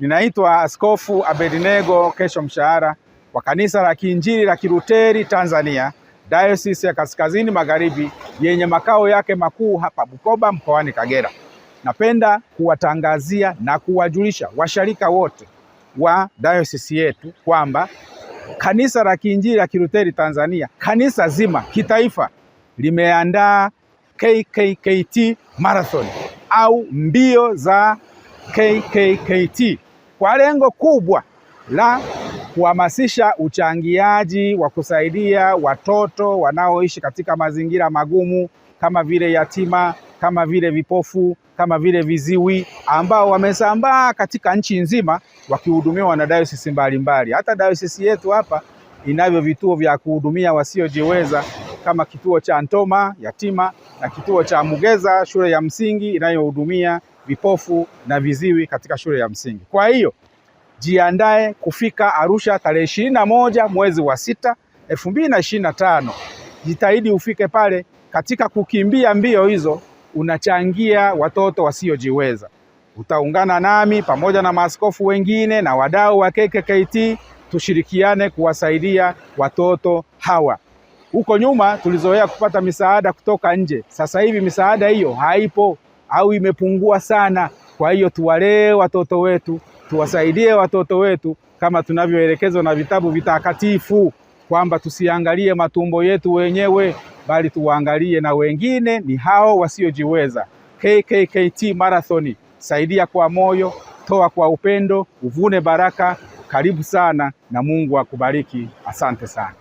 Ninaitwa Askofu Abednego Kesho Mshahara wa Kanisa la Kiinjili la kiruteri Tanzania, Diocese ya Kaskazini Magharibi yenye makao yake makuu hapa Bukoba mkoani Kagera. Napenda kuwatangazia na kuwajulisha washarika wote wa diocese yetu kwamba Kanisa la Kiinjili la Kiruteri Tanzania, kanisa zima kitaifa, limeandaa KKKT Marathon au mbio za KKKT kwa lengo kubwa la kuhamasisha uchangiaji wa kusaidia watoto wanaoishi katika mazingira magumu kama vile yatima, kama vile vipofu, kama vile viziwi ambao wamesambaa katika nchi nzima wakihudumiwa na dayosisi mbalimbali. Hata dayosisi yetu hapa inavyo vituo vya kuhudumia wasiojiweza kama kituo cha Antoma yatima na kituo cha Mugeza shule ya msingi inayohudumia vipofu na viziwi katika shule ya msingi. Kwa hiyo jiandae kufika Arusha tarehe ishirini na moja mwezi wa sita elfu mbili na ishirini na tano. Jitahidi ufike pale. Katika kukimbia mbio hizo unachangia watoto wasiojiweza. Utaungana nami pamoja na maaskofu wengine na wadau wa KKKT, tushirikiane kuwasaidia watoto hawa. Huko nyuma tulizoea kupata misaada kutoka nje, sasa hivi misaada hiyo haipo au imepungua sana. Kwa hiyo tuwalee watoto wetu, tuwasaidie watoto wetu kama tunavyoelekezwa na vitabu vitakatifu kwamba tusiangalie matumbo yetu wenyewe, bali tuwaangalie na wengine, ni hao wasiojiweza. KKKT Marathoni, saidia kwa moyo, toa kwa upendo, uvune baraka. Karibu sana na Mungu akubariki. Asante sana.